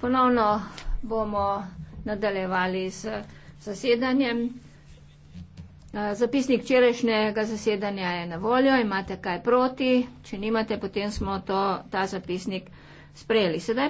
Ponovno bomo nadaljevali z zasedanjem. Eh, zapisnik včerajšnjega zasedanja je na voljo, imate kaj proti, če nimate, potem smo to, ta zapisnik sprejeli. Sedaj